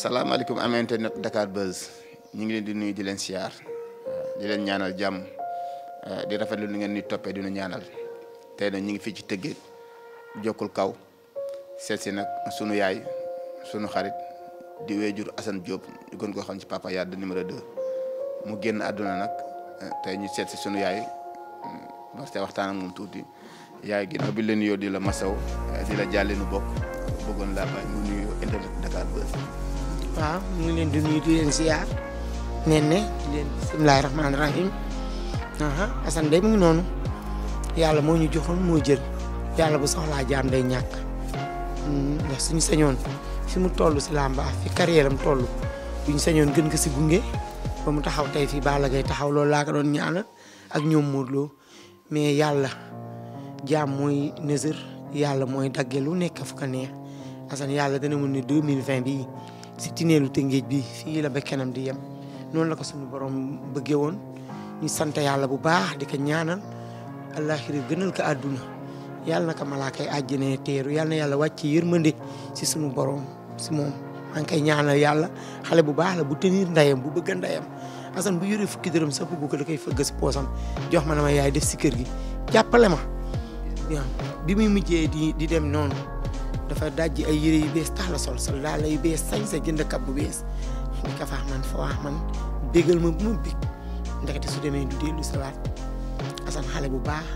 salaamaaleykum am internet Dakar Buzz ñu ngi leen di nuyu di leen siyaar di leen ñaanal jàmm di rafetlu ni ngeen ni toppee di ñaanal tey nag ñu ngi fii ci tëggeet jokkul kaw seet nag sunu yaay sunu xarit di wéjur Assane Diop ñu gën koo xam ci Papa Yade numéro 2 mu génn àdduna nag te ñu seet sunu yaay mm, parce que waxtaan moom tuuti. yaay ginnaaw bi la nuyoo di la masaw eh, di la jàlle nu bokk bëggoon laa bàyyi mu nuyu internet Dakar Buzz. waaw ñu ngi leen di nuyu di leen ziar nee ne di leen bisimilah rahmaani rahim Assane day mu ngi noonu yàlla moo ñu joxoon moo jël yàlla bu soxlaa jaam day ñàkk si mm, suñu sañoon fi mu toll si làmba fi carrière am toll bu ñu gën ko si gunge mu taxaw tey fii Balla Gaye taxaw loolu laa ko doon ñaanal ak ñoom Modou Lo mais yàlla. jaam mooy nësër yàlla mooy daggee lu nekk fu ko neex asan yàlla dana mun ne 2020 bii si tineelu tëngéej bi fii la ba kanam di yem noonu la ko suñu borom bëggee woon ñu sant yàlla bu baax di ko ñaanal àllaaxira gënal ko àdduna yàlla na ko malaakay àjjana teeru yàlla na yàlla wàcc yërmande si suñu borom si moom maa ngi koy ñaanal yàlla xale bu baax la bu tenir ndayam bu bëgg ndayam asan bu yoree fukki dërëm sax bëgg ko da koy fëgg si poosam jox ma na ma yaay si kër gi bien bi muy mujjee di di dem noonu dafa dajji ay yére yu bees tax la sol sol laa lay bees sañ sa jënd kab bu bees di ka man fa waax man bégal ma bu ma bég ndekete su demee du dellu sa waat asan xale bu baax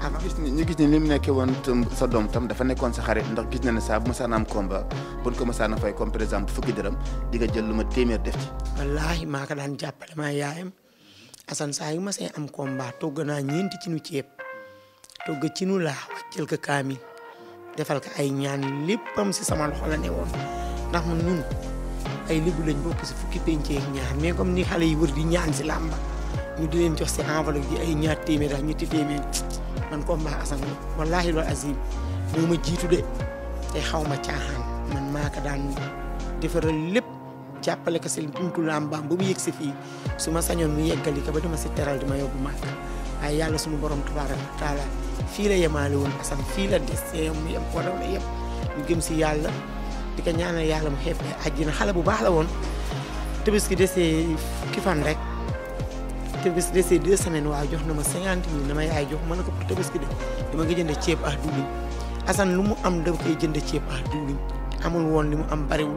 ah gis li mu nekkee woon sa doom tam dafa nekkoon sa xarit ndax gis na ne saa bu masaan am combat bu ko masaan a fay comme par exemple fukki dërëm di nga jël lu ma téeméer def ci. wallaahi maa ko daan jàppale maa yaayam Assane saa yu ma see am combat togg naa ñeenti ci nu ceeb to ci nu laa wàccal ko kaamil defal ko ay ñaan léppam si sama loxo la ne woon ndax mu ñun ay lébu lañ bokk si fukki pencee ak ñaar mais comme ni xale yi wër di ñaan si làmba ñu di leen jox si enveloppe yi ay ñaar téeméer ak ñetti téeméer man comme maa asan wallaahi loolu azim moo ma jiitu de te xaw ma caaxaan man maa daan defaral lépp jàppale ko si buntu làmbaam ba mu yegg si fii suma ma sañoon mu yeggali ko ba ma si teral dama yóbbu màkk waaye yàlla suñu borom tabaaraka taala fii la yemaale woon Assane fii la destin mu yem ko doon yem ñu gëm si yàlla di ko ñaanal yàlla mu xeeb àjjina xale bu baax la woon Tabaski desee fukki fan rek Tabaski desee deux semaines waaw jox na ma cinquante mille dama yaay jox ma ne ko pour Tabaski de dama nga jënd ceeb ak diwlin Assane lu mu am dama koy jënd ceeb ak diwlin amul woon li mu am bariwul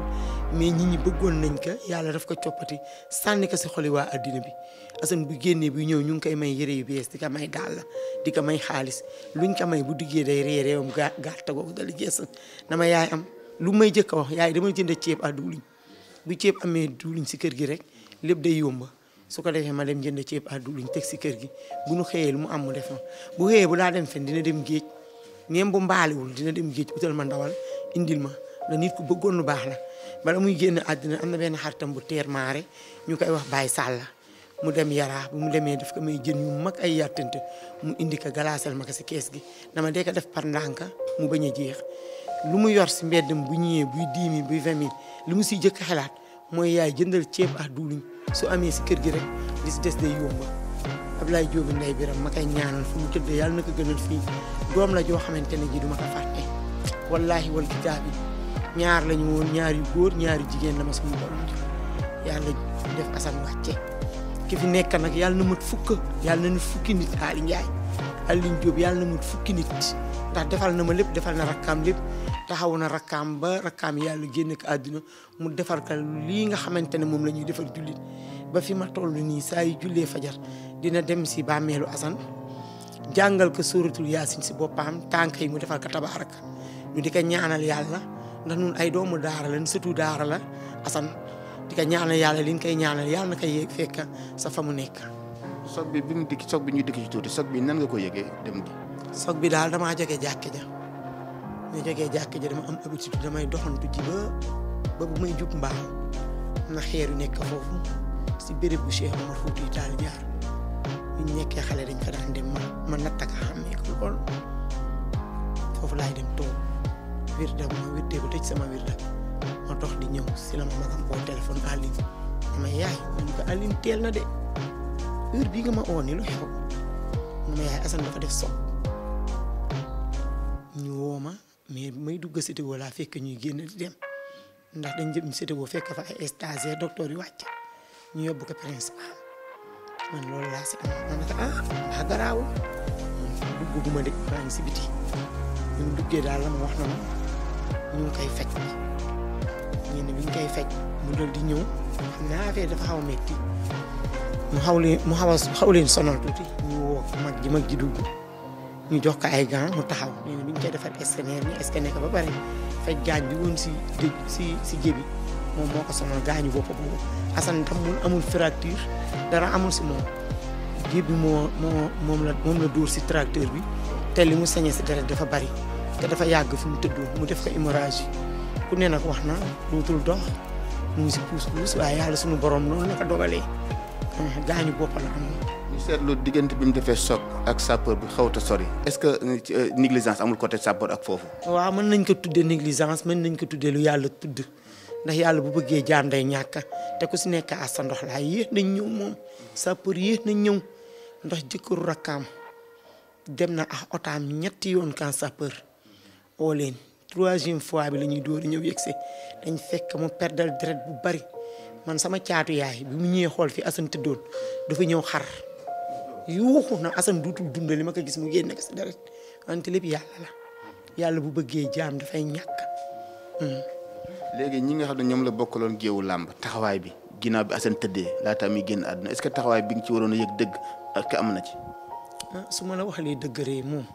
mais nit ñi bëggoon nañ ko yàlla daf ko coppati sànni ko si xoli waa addina bi asan bu génnee bi ñëw ñu ngi koy may yére yu bees di ko may dàll di ko may xaalis luñ ko may bu duggee day ree réewam gaa gàtta googu dali gees dama yaay am lu may jëkk wax yaay dama jënd ceeb ak duwliñ bu ceeb amee duwliñ si kër gi rek lépp day yomba su ko defee ma dem jënd ceeb ak duwliñ teg si kër gi bu nu xëyee lu mu am mu def bu xëyee bu laa dem fen dina dem géej même bu mbaaliwul dina dem géej utal ma ndawal indil ma la nit ku bëggoon lu baax na bala muy génn àddina am na benn xaritam bu teer maare ñu koy wax Baye Sàlla mu dem yaraa bu mu demee def ko may jën yu mag ay yàttante mu indi ko galaasal ma ko si kees gi dama dee def par ndànk mu bañ jeex lu mu yor si mbeddam bu ñëwee buy dix buy vingt mille mu siy jëkk xalaat mooy yaay jëndal ceeb ak duuluñ su amee si kër gi rek li si des day yomba Ablaye Diop ndey biram ma koy ñaanal fu mu tëdd yàlla na ko gënal fii doom la joo xamante ne ji duma ko fàtte wallaahi wal kitaabi ñaar lañu woon ñaar yu góor ñaar yu jigéen la ma sama borom jox yàlla def asan ki fi nekk nag yàlla na mut fukk yàlla na nit fukki nit Aly Ndiaye Aly na mat fukki nit ndax defal na ma lépp defal na rakkaam lépp taxaw na rakkaam ba rakkaam yàlla génn ko àdduna mu defar ka lii nga xamante ne moom la ñuy defar jullit ba fi ma toll nii saa yu jullee fajar dina dem si bàmmeelu asan jàngal ko sóoratul yaasin si boppam tànk yi mu defar ko tabaaraka ñu ndax ñun ay doomu daara lañ surtout daara la asan di ko ñaanal yàlla liñ koy ñaanal yàlla na koy fekk sa fa mu nekk. soog bi bi mu dikk soog bi ñu dikk tuuti soog bi nan nga ko yëgee dem gi. soog bi daal damaa jógee jàkka ja ñu jógee dama am habitude damay doxantu ji ba ba bu may jug mbaal na xeer yu nekk foofu si béréb bu Cheikh Oumar Foutiyou Tall jaar bu nekkee xale dañ ko daan dem ma na natt ak a ko lool foofu laay dem toog. wirda bu ma wirdee ba tëj sama wirda ma dox di ñëw si la ma magam koo téléphone Aline ma yaay mu ko nga dafa def soog ñu woo mais may dugg CTO laa fekk ñuy génn di dem ndax dañ jëm CTO fekk fa ay stagiaires docteur yu wàcc ñu yóbbu ko principal man loolu laa si am man nag ah ah garaawul dugg gu ma de maa ngi si biti ñu duggee daal la ma wax na ma. ñu ngi koy faj nii ñenn bi koy faj mu dool di ñëw xam naa affaire dafa xaw a mu xaw leen mu xaw a xaw leen sonal tuuti ñu woo mag ji mag ji dugg ñu jox ko ay gants mu taxaw ñu na bi ñu koy defar scanner ñu ko ba bari faj gaañ bi woon si si si jébi moom moo ko sonal gaañu bopp boobu Assane amul fracture dara amul si moom jébi moo moo moom la moom la dóor si tracteur bi te li mu sañee si deret dafa bari te dafa yàgg fu mu tëdd mu def ko hémorragie ku ne nag wax na dootul dox mu ngi si puus puus waaye yàlla suñu boroom noonu la ko dogalee gaañu bopp la ñu seetlu diggante mu defee choc ak sapeur bi xawut a sori est-ce que euh, euh, négligence amul côté sapeur ak foofu. waaw mën nañ ko tuddee négligence mën nañ ko tuddee lu yàlla tudd ndax yàlla bu bëggee jaam day ñàkk te ku si nekk as sa ndox laay yéex nañ ñëw moom sapeur yéex na ñëw ndax jëkkëru rakkaam dem na ak ah otaam ñetti yoon kan sapeur. oo leen troisième fois bi la ñuy dóor ñëw yegg see dañ fekk mu perdal deret bu bari man sama caatu yaay bi mu ñëwee xool fi Assane tëddoon dafay ñëw xar yuuxu na Assane duutul dund li ma ko gis mu génn ko si deret wante lépp yàlla la yàlla bu bëggee jaam dafay ñàkk. Hmm. léegi ñi nga xam ne ñoom la bokkaloon géewu làmb taxawaay bi ginnaaw bi Assane tëddee laata muy génn àdduna est-ce taxawaay bi nga ci waroon a yëg dëgg ak am na ci. Ah, su ma la waxalee dëgg moom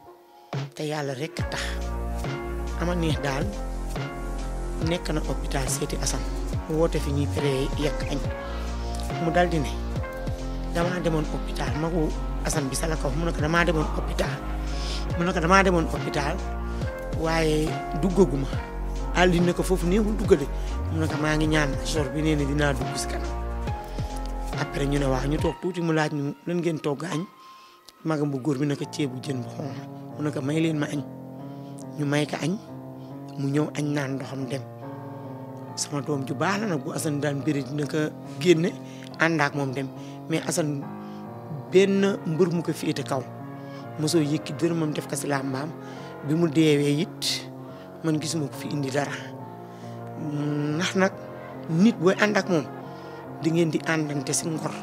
te yàlla rek tax. ama neex daal nekk na hôpital seeti Assane woote fi ñu pré yekk añ mu dal ne damaa demoon hôpital magu Assane bi sa la ko wax mu damaa demoon hôpital mu ne damaa demoon hôpital waaye duggaguma àlli ne ko foofu néewul duggale mu ne ko maa ngi ñaan jour bi nee na dugg si kanam après ñu ne waaw ñu toog tuuti mu laaj ñu lan ngeen togg añ magam bu góor bi ne ko ceebu jën bu xonq mu ne may leen ma añ ñu may ko añ mu ñëw añ naan ndoxam dem sama doom ju baax la nag bu Assane daan bëri dina ko génne ànd ak moom dem mais Assane benn mbër mu ko féete kaw mosoo yëkki dërëmam def ko si bi mu deewee it man gisuma ko fi indi dara nax nag nit booy ànd moom di ngeen di àndante si ngor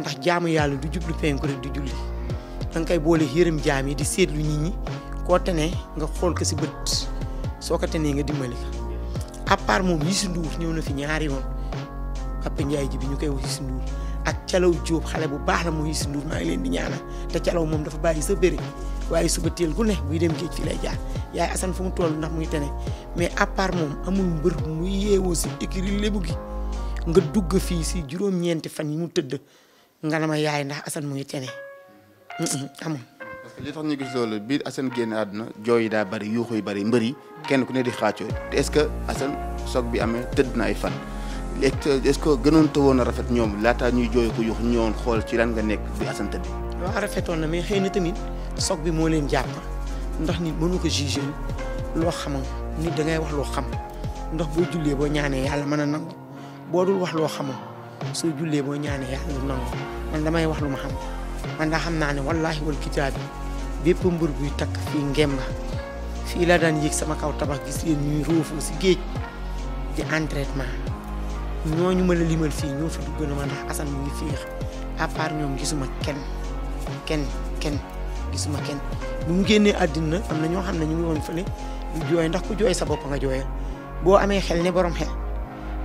ndax jaamu yàlla du jublu penku rek di julli danga koy boole yërëm jaam yi di seetlu nit koo tenee nga xool ko si bët soo ko tenee nga dimbali ko à part moom Youssou Ndour ñëw na fi ñaari yoon Papa Ndiaye ji bi ñu koy wax Youssou Ndour ak Calaw Diop xale bu baax la mooy Youssou Ndour maa ngi leen di ñaanal te Calaw moom dafa bàyyi sa bëri waaye su suba teel gu ne buy dem géej fii lay jaar yaay Assane fu mu toll ndax mu ngi tene mais à moom amul mbër muy yeewoo si écurie Lébu gi nga dugg fii si juróom-ñeenti fan yi mu tëdd nga nam yaay ndax Assane mu ngi tene amul. li tax ñu gis loolu bi Assane génn àdduna jooy yi daa bëri yuuxu yi bëri mbër yi kenn ku ne di xaacoo te est-ce que Assane soog bi amee tëdd na ay fan est-ce que gënoon tawoon a rafet ñoom laataa ñuy jooy ko yuux ñëwoon xool ci lan nga nekk bi Assane tëdd waaw rafetoon na mais xëy na tamit soog bi moo leen jàpp ndax nit mënu ko jugé loo xama nit da wax loo xam ndax boo jullee boo ñaanee yàlla mën a nangu boo dul wax loo xama soo jullee boo ñaanee yàlla nangu man damay wax lu ma xam man daa xam naa ne wallaahi wal kitaabi bépp mbër buy takk fii ngemba fii laa daan yéeg sama kaw tabax gis leen ñuy roofoo si géej di entraînement ñooñu ma la limal fii ñoo fi dugg na ma ndax Assane mu ngi fiix à part ñoom kenn kenn kenn gisuma kenn bu mu àddina am na ñoo xam ne ñu ngi woon fële jooy ndax ku jooy sa bopp nga jooyal boo amee xel ne borom xel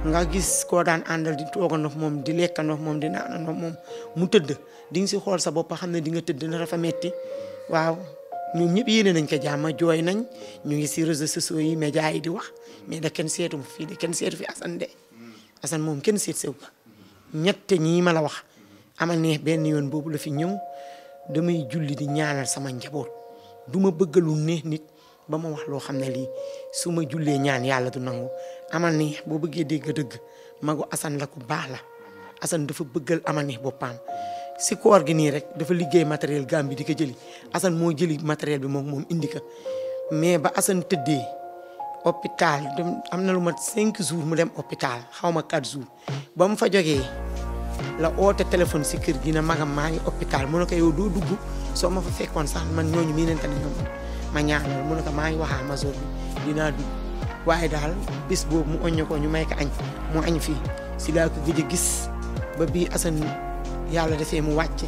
nga gis koo daan àndal di toogandof moom di lekkandof moom di naanandof moom mu tëdd di nga si xool sa bopp xam ne di nga tëdd na dafa metti waaw ñun ñëpp yéene nañ ko jàmm jooy nañ ñu ngi si réseaux sociaux yi média yi di wax mais da kenn seetu fii de kenn seetu fi Assane de Assane moom kenn seet sew ko ñett ñii mala la wax amal neex benn yoon boobu la fi ñëw damay julli di ñaanal sama njaboot duma ma bëgg nit ba ma wax loo xam ne lii su ma jullee ñaan yàlla du nangu ama neex boo bëggee dégg dëgg magu Assane la ku baax la Assane dafa bëggal amal neex boppam si koor gi nii rek dafa liggéey matériel gam bi di ko jëli Assane moo jëli matériel bi moom moom indi ko mais ba Assane tëddee hôpital am na lu mat cinq jour mu dem hopital xaw ma quatre jour ba mu fa jógee la oote téléphone si kër gi na magam maa ngi hôpital mu ne ko yow doo dugg soo ma fa fekkoon sax man ñooñu miinante ne ñoom ma ñaanal mu ne ko maa ngi waxaa ma zone bi dinaa dugg waaye daal bis boobu mu oññu ko ñu may ko añ mu añ fii si laa gis ba bii Assane yàlla defee mu wàcce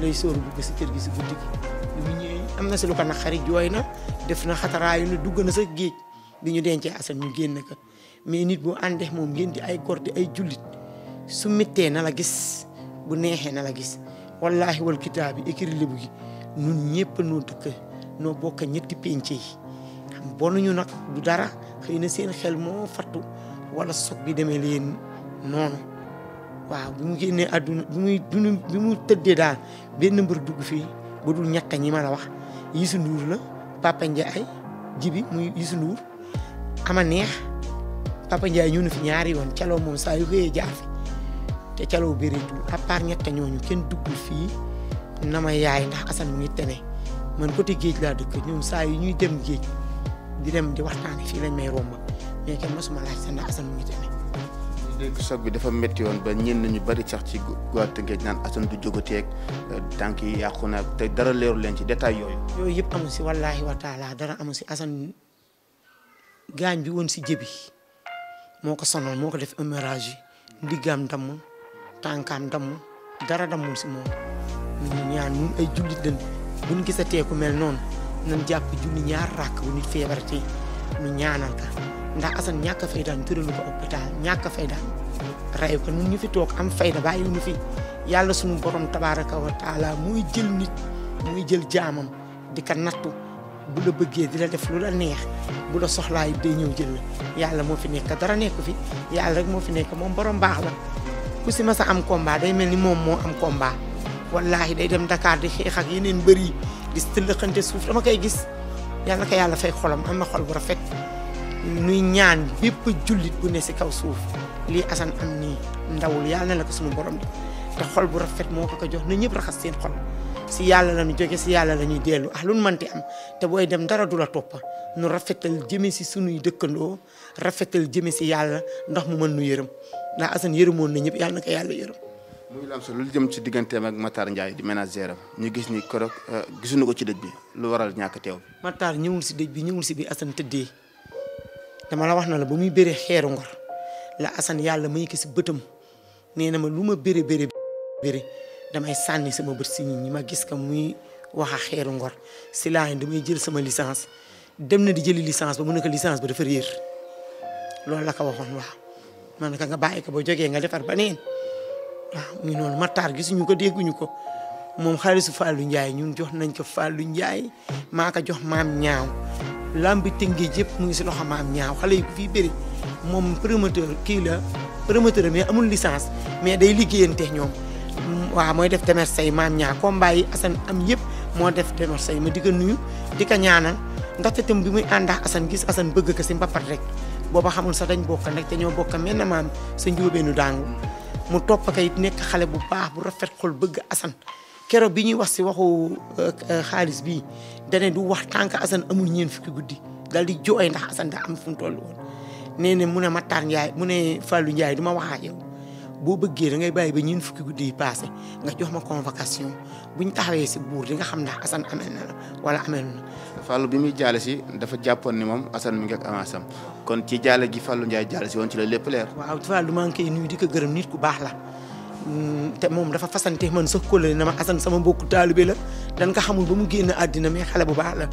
lay sóor bu ko gi si guddi am na si lu ko naqari jooy na def na xataraayu na dugg na sa géej bi ñu dencee Assane ñu génn ko mais nit bu àndee moom ngeen di ay góor ay jullit su méttee na la gis bu neexee na la gis wallaahi wal kitaabi écrit lébu gi nun ñëpp noo dëkk noo bokk ñetti pénc yi xam bonuñu nag du dara xëy na seen xel moo fattu wala soog bi demee leen noonu waaw bi mu génnee àdduna bi muy bi mu tëddee daal benn mbër dugg fii ba dul ñett ñi ma la wax Youssou la Papa ay jibi muy Youssou Ndour ama neex Papa Ndiaye ñëw na fi ñaari yoon caloo moom saayu yu xëyee jaar fi te caloo bëreetul à part ñett ñooñu kenn duggul fii na ma yaay ndax Assane mu ngi tene man côté géej laa dëkk ñoom saa yu ñuy dem géej di dem di waxtaane fii lañ may romb mais kenn mosuma laaj sax ndax Assane mu ngi tene choc bi dafa métti woon ba ñenn ñu bari sax ci goor Tëngéej naan Assane du jógateeg euh, tànk yi yàqu na dara leeru leen ci détail yooyu. yooyu yëpp amu si wallaahi wa taala dara amu si Assane bi woon si jëbi moo ko sonal moo ko def hémorragie ndiggaam damm tànkaam damm dara dammul si moom. ñun ñaan ñun ay jullit lañ bu ñu gisatee ku mel noonu nañ jàpp julli ñaar ràkk bu ñaanal ka ndax Assane ñàkk a fayda ñu tëralu ko hôpital ñàkk a fayda rey ko ñun ñu fi toog am fayda bàyyi ñu fi yàlla sunu borom tabaaraka wa taala muy jël nit muy jël jaamam di ko nattu bu la bëggee di la def lu la neex bu la soxlaay day ñëw jël la yàlla moo fi nekk dara nekku fi yàlla rek moo fi nekk moom borom baax la ku si masa am combat day mel ni moom moo am combat wallaahi day dem ndakaar di xeex ak yeneen bëri di tëllëxante suuf dama koy gis yàlla na yàlla fay xolom am na xol bu rafet nuy ñaan bépp jullit bu ne si kaw suuf lii Assane am nii ndawul yàlla na la ko sunu borom di te xol bu rafet moo ko ko jox na ñëpp raxas seen xol si yàlla la ñu jóge si yàlla la ñuy dellu ah lu te booy dem dara du la topp nu rafetal jëme si sunuy dëkkandoo rafetal jëme si yàlla ndax mu mën nu yërëm ndax Assane yërëmoon na ñëpp yàlla na ko yàlla yërëm. muy lu am lu jëm ci digganteem ak Matar Ndiaye di ménagère am ñu gis ni keroog euh, gisuñu ko ci dëj bi lu waral ñàkk teew. Matar ñëwul si dëj bi ñëwul si bi Assane tëddee. dama la wax na la ba muy béré xeeru ngor la Assane yàlla may ko si bëtam nee na ma lu ma béré béré béré damay sànni sama bët si nit ma gis ko muy wax a xeeru ngor si laa damay jël sama licence dem na di jëli licence ba mu ne ko licence ba dafa réer loolu la ko waxoon waaw man naka nga bàyyi ko ba jogee nga defar ba neen waaw ñu noonu Matar gisuñu ko dégguñu ko moom xaalisu Fallou Ndiaye ñun jox nañ ko Fallou Ndiaye maa ko jox maam ñaaw lambi tëngéej yëpp mu ngi si loxo maam ñaaw xale yi ku fii bëri moom promoteur kii la promoteur mais amul licence mais day liggéeyante ñoom waaw mooy def demer say maam ñaa combat yi Assane am yëpp moo def demer say ma di ko nuyu di a ñaanal ndaxte tam bi muy ànd ak Assane gis Assane bëgg ko si mbapat rek booba xamul sax dañ bokk nag te ñoo bokk menn maam sa njuróobeenu daangu mu topp kay nekk xale bu baax bu rafet xol bëgg Assane keroog bi ñuy wax si waxu euh, euh, xaalis bii dane du wax tànk Assane amul ñeen fukki guddi dal di jooy ndax Assane daa am fu mu toll nee ne mu ne Matar Ndiaye mu ne Fallou Ndiaye du ma wax ak yow boo bëggee da bàyyi ba ñeen fukki guddi yi passé nga jox ma convocation ñu taxawee si buur di nga xam ndax Assane amel na la wala amel na Fallou bi muy jaale si dafa jàppoon ni moom Assane mi ngi ak avance am kon ci jaale gi Fallou Ndiaye jaale si woon ci la lépp leer waaw Fallou maa ngi koy nuyu di ko gërëm nit ku baax la te moom dafa fasante man sa kóllëre na ma Assane sama mbokku taalibe la dan ka xamul ba mu génn àddina mais xale bu baax la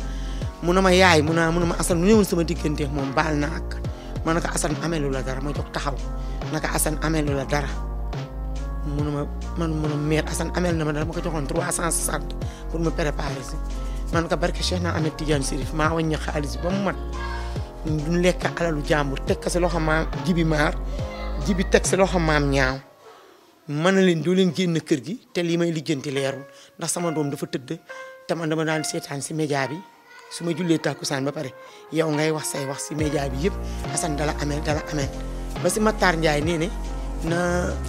mu ne ma yaay mu naa mu ne ma Assane mu ñëwoon sama digganteeg moom baal na ak ma naka Assane amelu la dara ma jóg taxaw naka Assane amelu la dara mu ne ma man mu ne meer Assane na ma dara ma ko joxoon 360 pour mu préparer si man ka barke Cheikh na Ahmed Tidiane Sirif maa wàññi xaalis ba mu mat duñ lekk alalu jàmbur teg ko si loxo maam jibi maar jibi teg si loxo maam ñaaw mën na leen doo leen génn kër gi te lii may lijjanti leerul ndax sama doom dafa tëdd te man dama daan seetaan si média bi su ma jullee saan ba pare yow ngay wax say wax si média bi yëpp Assane dala amee dala amee ba si Matar Ndiaye nee ne na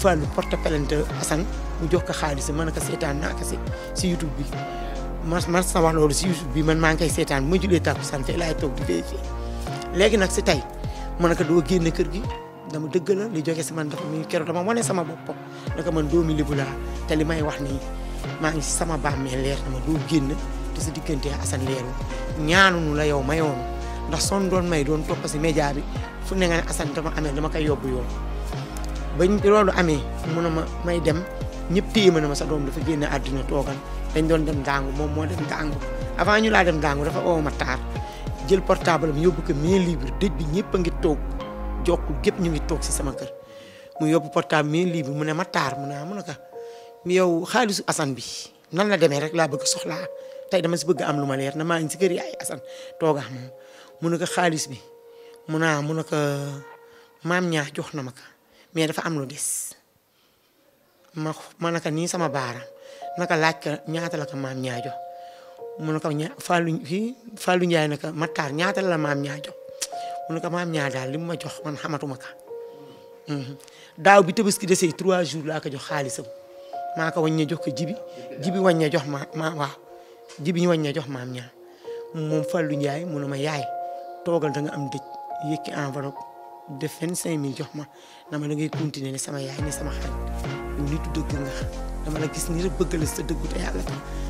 Fallou porte plainte Assane mu jox ko xaalis mën na ko seetaan naa ko si si YouTube bi man man loolu si YouTube bi man maa ngi koy seetaan bu ma jullee tàkkusaan fee laay toog di vérifier léegi nag si tey mën na ko doo génn kër gi. dama dëgg la li jóge si man dafa muy keroog dama wane sama bopp ne ko man doomi Lebu laa te li may wax nii maa ngi si sama bàmmeel leer dama doo génn te diggante Assane leeru ñaanunu la yow mayoonu ndax son doon may doon topp si média bi fu ne nga ne Assane amee dama koy yóbbu yoon bañ loolu amee mun a ma may dem ñëpp téye ma na ma sa doom dafa génn àdduna toogal dañ doon dem dàngu moom moo dem dàngu avant ñu laa dem dàngu dafa oo ma taar jël portable am yóbbu ko main libre dëj bi ñëpp ngi toog jokkul gépp ñu ngi toog si sama kër mu yóbbu portable mi lii bi mu ne ma taar mu ne ah mu ne ko yow xaalisu Assane bi nan la demee rek laa bëgg soxla tey dama si bëgg am lu ma leer na maa ngi si kër yaay Assane toogaa moom mu na ko xaalis bi mu na ah mu ne ko maam ñaa jox na ma ka mais dafa am lu des ma ma naka nii sama baaraam naka laaj ka ñaata la ko maam ñaa jox mu ne ko ña Fallou fii Fallou Ndiaye naka Matar ñaata la maam ñaa mu ne ko maam ñaa daal li mu ma jox man xamatuma ka mhm. daaw bi tabaski desee trois jours laa ko jox xaalisam maa ko waññe jox ko jibi jibi waññe jox ma ma waaw jibi ñu waññe jox maam ñaa moom Fallou Ndiaye mu ne ma yaay toogal da am dëj yëkki enveloppe def vingt cinq mille jox ma dama la ngay continuer ne sama yaay ne sama xarit yow nitu dama la gis ni rek bëgg te yàlla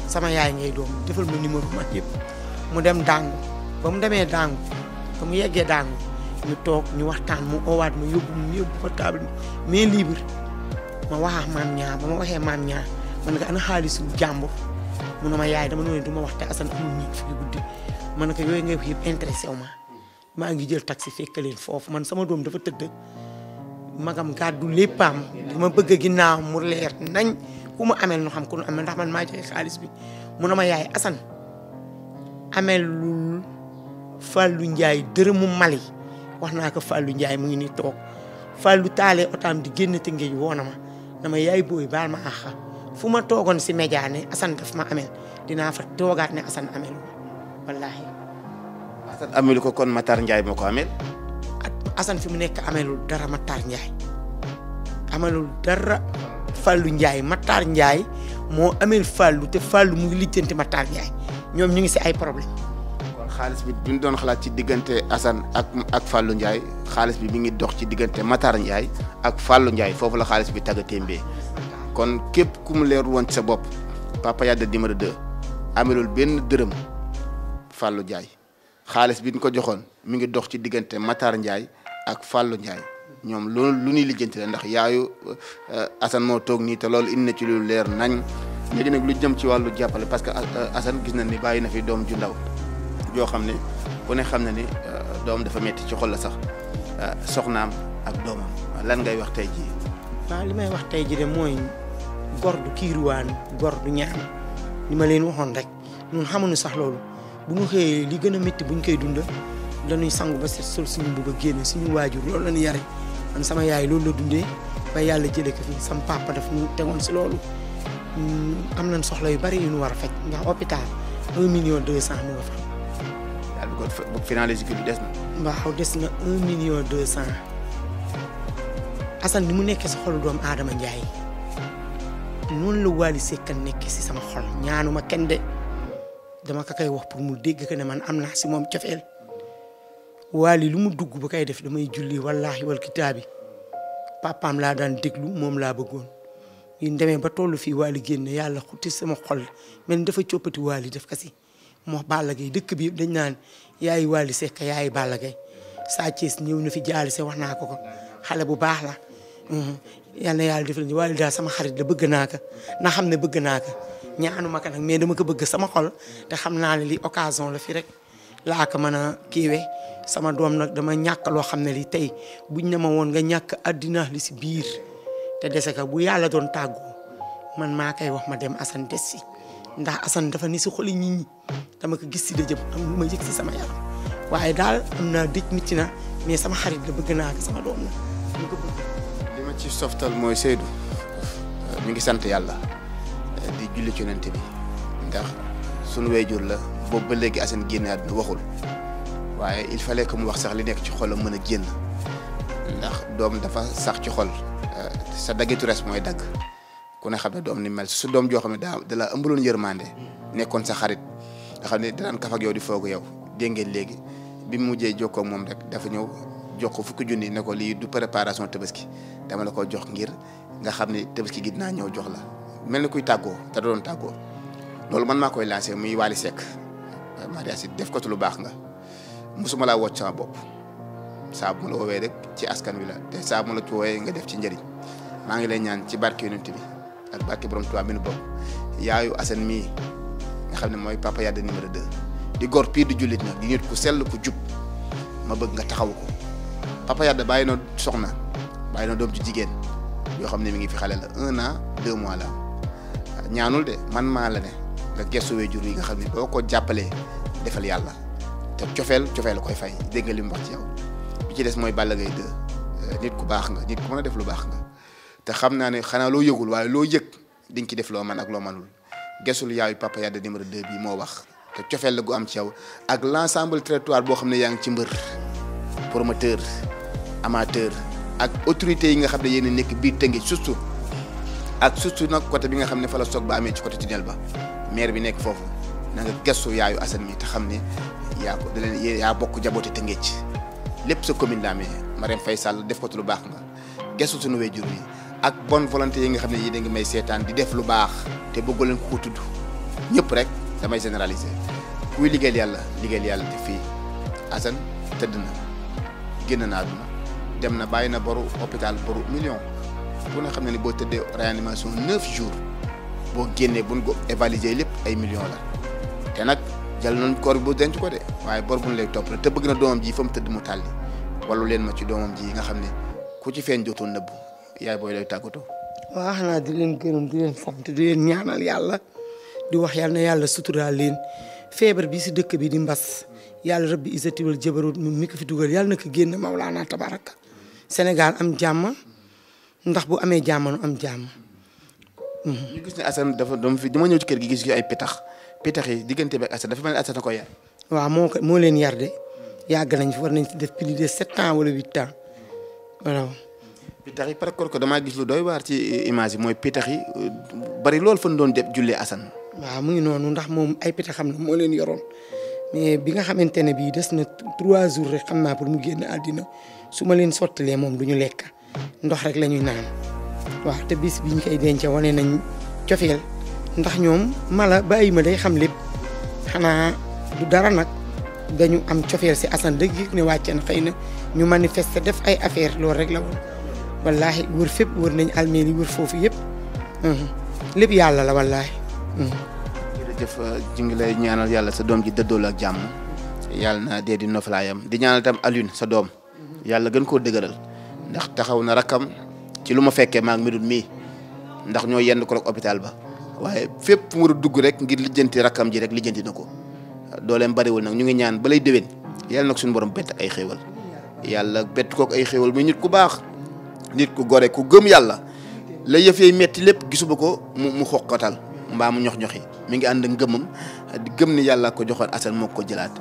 sama yaay ngay doom defal ma numéro ma yëpp mu dem dàngu te mu yeggee daan ñu toog ñu waxtaan mu oowaat ma yóbbu mu yóbbu portable mais libre ma waxaa maam ñaa ba ma waxee maam ñaa ma ne ko ana xaalisu jàmbur mu na ma yaay dama ne du ma wax te Assane amul ñi fi guddi ma na ko yooyu nga yëpp intéressé wu ma maa ngi jël taxi fekk leen foofu man sama doom dafa tëdd magam gàddu léppam dama bëgg a ginnaaw mu leer nañ ku mu amel nu xam ku nu amel ndax man maa joxe xaalis bi ma yaay Assane amel Fallou Ndiaye dërëmu Mali wax naa ko Fallou njaay mu ngi ni toog Fallou taale otaam di génn te ngéej woona ma dama yaay booy baal ma àq fu ma toogoon si média ne Assane ma amel dinaa fa toogaat ne Assane amelu wallaahi. Assane ko kon Matar Ndiaye moo ko amel. fi mu nekk amelul dara Matar Ndiaye amelul dara Fallou Ndiaye Matar Ndiaye moo amel Fallou te Fallou mu ngi lijjanti Matar Ndiaye ñoom ñu ngi si ay problème xaalis bi bi ñu doon xalaat ci diggante Assane ak ak Fallou Ndiaye xaalis bi mi ngi dox ci diggante Matar Ndiaye ak Fallou njaay foofu la xaalis bi tagga témbee kon képp ku mu leer woon sa bopp Papa Yade numéro benn dërëm Fallou Ndiaye xaalis bi ñu ko joxoon mi ngi dox ci diggante Matar Ndiaye ak Fallou Ndiaye ñoom loolu lu ñuy lijjanti la ndax yaayu euh, Assane moo toog nii te loolu indi na ci lu leer nañ léegi nag lu jëm ci wàllu jàppale parce que euh, Assane gis na ni bàyyi na fi doom ju ndaw joo xam ne ku ne xam na ni euh, doom dafa metti ci xol la sax euh, soxnaam ak doomam lan ngay wax tey jii. waaw li may wax tey jii de mooy gor du kiiruwaan gor du ñaan li ma leen waxoon rek ñun xamuñu sax loolu bu ñu xëyee gën a métti bu koy dund dañuy sangu ba set sol suñu mbubb a génne suñu waajur loolu la ñu yare man sama loolu la dundee ba yàlla jëlee ko fi sama papa daf ñu tegoon si loolu hmm, am nañ soxla yu bari yu nu war a faj ndax hôpital 1 million 200 mu nga fa. ak bu des na. des na un million deux cent Assane ni mu nekkee si xolu doomu Adama Ndiaye noonu la Wally Seck nekkee sama xol ñaanuma kenn de dama ka koy wax pour mu dégg ko ne man am naa si moom cofeel Wally lu mu dugg ba koy def damay julli wallaahi wal kitaabi papaam laa daan déglu moom laa bëggoon. ñu demee ba tollu fii Wally génn yàlla xutti sama xol mel ni dafa coppati Wally def kasi moo Balla Gaye dëkk bi dañ naan yaay Wally Seck yaay Balla Gaye Sa Thiès ñëw na fi jaali se wax naa ko ko xale bu baax la mhm. yal na yàlla defal ñu Wally daal sama xarit la bëgg naa ko na xam ne bëgg naa ko ñaanu ma ko nag mais dama ko bëgg sama xol te xam naa ne li occasion la fi rek laa ko mën a kiiwe sama doom nag dama ñàkk loo xam ne li tey bu ne ma woon nga ñàkk addina li si biir te dese ko bu yàlla doon tàggoo man maa koy wax ma dem Assane des si ndax Assane dafa ni si xoli nit ñi dama ko gis si dëjëm am ma yëg si sama yaram waaye daal am naa dëj mitti na mais sama xarit la bëgg naa ko sama doom la dama ko li ma ci softal mooy saydu mi ngi sant yàlla di julli ci bi ndax sunu wayjur la boobu ba léegi Assane génn àdduna waxul waaye il fallait que mu wax sax li nekk ci xolam mën a génn ndax doom dafa sax ci xol sa dagitu res mooy dagg. ku ne xam ne doom ni mel su doom joo xam ne daa da la ëmbaloon nekkoon sa xarit nga xam ne danaan kaf ak yow di foog yow dégg ngeen léegi bi mu mujjee jokkoo moom rek dafa ñëw jox ko fukki junni ne ko lii du préparation tabaski dama la ko jox ngir nga xam ne tabaski gi naa ñëw jox la mel ni kuy tàggoo te doon tàggoo loolu man maa koy lancé muy Wally Seck mariage def ko ci lu baax nga mosuma laa wocc sama bopp saa bu ma la woowee rek ci askan wi la te saa bu ma la woowee nga def ci njëriñ maa ngi lay ñaan ci barke yonent ak bàkki borom Tuubaa nu bokk yaayu Assane mii nga xam ne mooy papa Yade numéro 2 di gor pii di jullit nag di nit ku sell ma bëgg nga taxaw ko papa Yade soxna bàyyi na ci jigéen yoo xam ne mi ngi fi xale la un an deux mois la ñaanul de man maa la ne nga gestu waajur yi nga xam ni boo ko jàppalee defal yàlla te cofeel cofeel la koy fay dégg nga ci yow bi ci des mooy Balla Gaye 2 nit ku baax nga nit ku mën a def lu baax nga. te xam naa ne xanaa loo yëgul waaye loo yëg di nga ci def loo man ak loo manul gesul yaayu Papa Yade numéro 2 bi moo wax te cofeel la gu am ci yow ak l' ensemble territoire boo xam ne yaa ngi ci mbër promoteur amateur ak autorité yi nga xam ne yéen nekk biir tënge surtout ak surtout nag côté bi nga xam ne fala la soog ba amee ci côté tunnel ba maire bi nekk foofu na nga gestu yaayu Assane mi te xam ne yaa ko da leen yaa bokk jaboote tëngeej lépp sa commune la amee Marème Faye Sall def ko lu baax nga gestu suñu wéjur yi ak bonne volonté yi nga xam ne yii da ngi may seetaan di def lu baax te bëggu leen ko ko tudd ñëpp rek damay généraliser kuy liggéeyal yàlla liggéeyal yàlla te fii Assane tëdd na génn naa àdduna dem na bàyyi na boru hôpital boru million bu nga xam ne ni boo tëddee réanimation neuf jour boo génnee buñ ko évaluer lépp ay millions la te nag jal nañ koor bi bu denc ko de waaye bor bu ñu lay topp te bëgg na doomam ji fa mu tëdd mu tàlli walu leen ma ci doomam ji nga xam ne ku ci feeñ jotoon nëbbu yaay booy lay tàggatoo. waaw xanaa di leen gërëm di leen fomte di leen ñaanal yàlla di wax yàlla na yàlla suturaal leen feebar bi si dëkk bi di mbas yàlla rabbi isati wal jabarut moom mi ko fi dugal yàlla na ko génn Mawlaana tabaraka Sénégal am jàmm ndax bu amee jàmm nu am jàmm. Mhm. ñu gis ne Assane dafa doom fi dama ci kër gi gis gi ay pitax pitax yi diggante bi ak Assane dafa mel ni ko yar. waaw moo leen yar de yàgg nañ fi war nañ ci def plus de sept ans wala huit ans pitax yi par rapport que damaa gis lu doy waar ci image mooy pitax yi bari loolu fan doon jë jullee Assane. waaw mu ngi noonu ndax moom ay xam la moo leen yoroon mais bi nga xamante ne bii des na trois jours rek xam naa pour mu génne àddina su ma leen sottalee moom du ñu lekk ndox rek lañuy naan waaw te bis biñ koy denc wane nañ cofeel ndax ñoom mala bàyyi ma day xam lépp xanaa du dara nag dañu am cofeel si Assane dëgg ne wàcce na xëy na ñu manifester def ay affaire loolu rek la wallaahi wër fépp wër nañ almeel yi wër foofu yëpp mhm. lépp yàlla la wallaahi. Mhm. jërëjëf ji ngi lay ñaanal yàlla sa doom ji dëddoo la ak jàmm yàlla na dee di noflaayam di ñaanal tam Alioune sa doom mhm. yàlla gën koo dëgëral ndax taxaw na rakkam ci lu ma fekkee maa ngi medul mii ndax ñoo yenn ko rek hôpital ba waaye fépp fu war dugg rek ngir lijjanti rakkam ji rek lijjanti na ko dooleem bariwul nag ñu ngi ñaan ba lay déwén yàlla nag suñu borom bett ay xéewal yàlla bett kook ay xéewal nit ku gore ku gëm yàlla la yëfee metti lépp gisuma ko mu mu xoqatal mbaa mu ñox ñoxi mu ngi ànd ngëmam di gëm ni yàlla ko joxoon Assane moo ko jëlaat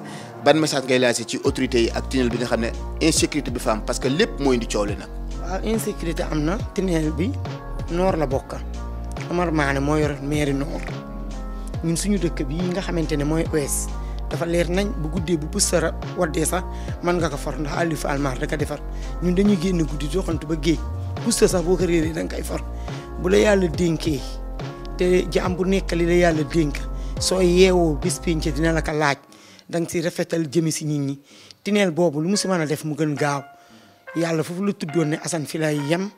ban message ngay lancé ci autorité yi ak tunnel bi nga xam ne insécurité bi fa parce que lépp mooy indi coow li nag. waaw insécurité am na tunnel bi noor la bokka Amar Maane moo yor mairie noor ñun suñu dëkk bi nga xamante ne mooy ouest dafa leer nañ bu guddee bu pëstara waddee sax man nga ko for ndax Aliou Fall maar da ko defar ñun dañuy génn guddi doxantu ba géej pëstara sax boo ko réeree da nga for bu la yàlla dénkee te jaam bu nekk li la yàlla dénk soo yeewoo bis pénc dina la ko laaj danga nga si rafetal jëmi si nit ñi tineel boobu lu mu si mën a def mu gën gaaw yàlla foofu la tuddoon ne Assane fi lay yem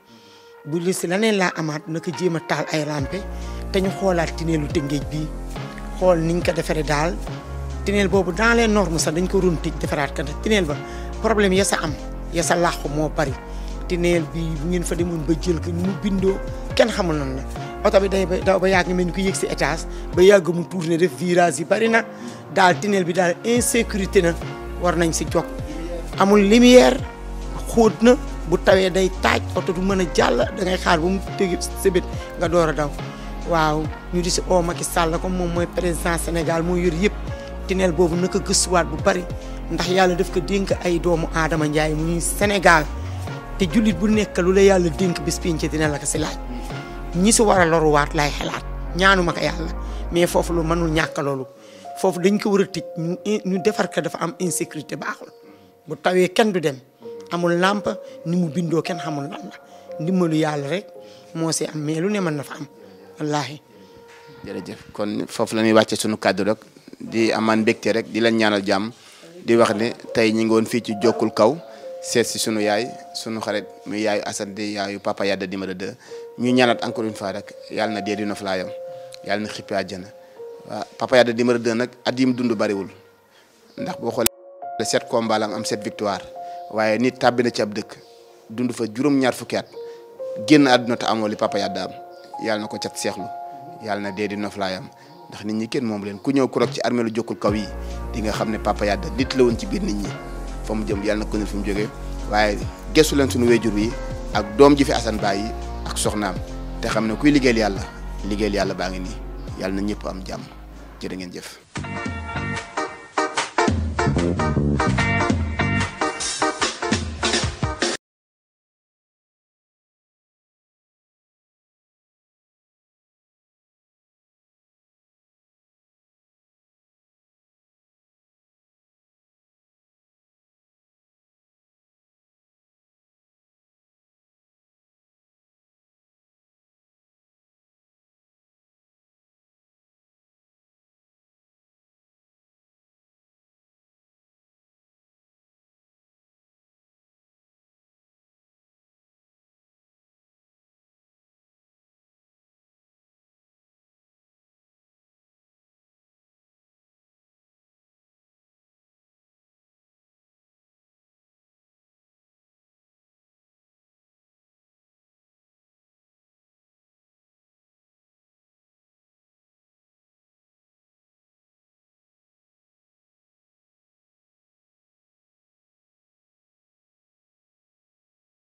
bu li si laneen laa amaat na ko jéem a taal ay rampe te ñu xoolaat tineelu tëngéej bi xool niñ ko defaree daal tineel boobu dans les normes sax dañ ko doon tëj defaraat ka tineel ba problème ya sa am ya sa làqu moo bari tineel bi bu ngeen fa demoon ba jël ko mu bindoo kenn xamul nan na oto bi day ba daw ba yàgg mel ni ko yëg si étage ba yàgg mu tourné def virage yi bari nag daal tineel bi daal insécurité na war nañ si jog amul lumière xóot na bu tawee day taaj oto du mën a jàll da ngay xaar ba mu tëgg sëbét nga door a daw waaw ñu di si oo Macky Sall comme moom mooy président Sénégal moo yor yëpp tineel boobu nag ko gëstuwaat bu bari ndax yàlla def ko dénk ay doomu aadama njaay muy senegal te jullit bu nekk lu la yàlla dénk bis pinc dina la ko si laaj ñi su war a loruwaat lay xelaat ma ko yàlla mais foofu lu mënul ñàkk loolu foofu dañ ko war a tëj ñu ñu defar ko dafa am insécurité baaxul bu tawee kenn du dem amul làmp ni mu bindoo kenn xamul lan la yàlla rek moo si am mais lu ne mën na fa am wallaahi. kon foofu la ñuy wàccee sunu kàddu di amaan mbégte rek di leen ñaanal jàmm di wax ne tey ñi ngi woon fii ci jokkul kaw seet si sunu yaay sunu xarit muy yaayu Assane di yaayu Papa Yada numéro 2 ñu ñaanat encore une fois rek yàlla na dee di nof laayam yàlla na xippi àjjana waaw Papa Yada numéro nag at yim dund bariwul ndax boo xoolee sept combats am sept victoire waaye nit tàbbi na ci ab dëkk dund fa juróom-ñaar fukki at génn àdduna te amoo li Papa Yada am yàlla na ko cat seexlu yàlla na dee di nof ndax nit ñi kenn moom leen ku ñëw kuroog ci armée lu jokkul kaw yi di nga xam ne Papa Yade nit la woon ci biir ni ñi fa mu jëm yàlla na ko fi mu jógee waaye gestu leen suñu wéjur wi ak doom ji fi Assane Ba yi ak soxnaam te xam ne kuy liggéeyal yàlla liggéeyal yàlla baa ngi nii yàlla na ñëpp am jàmm jërë ngeen jëf.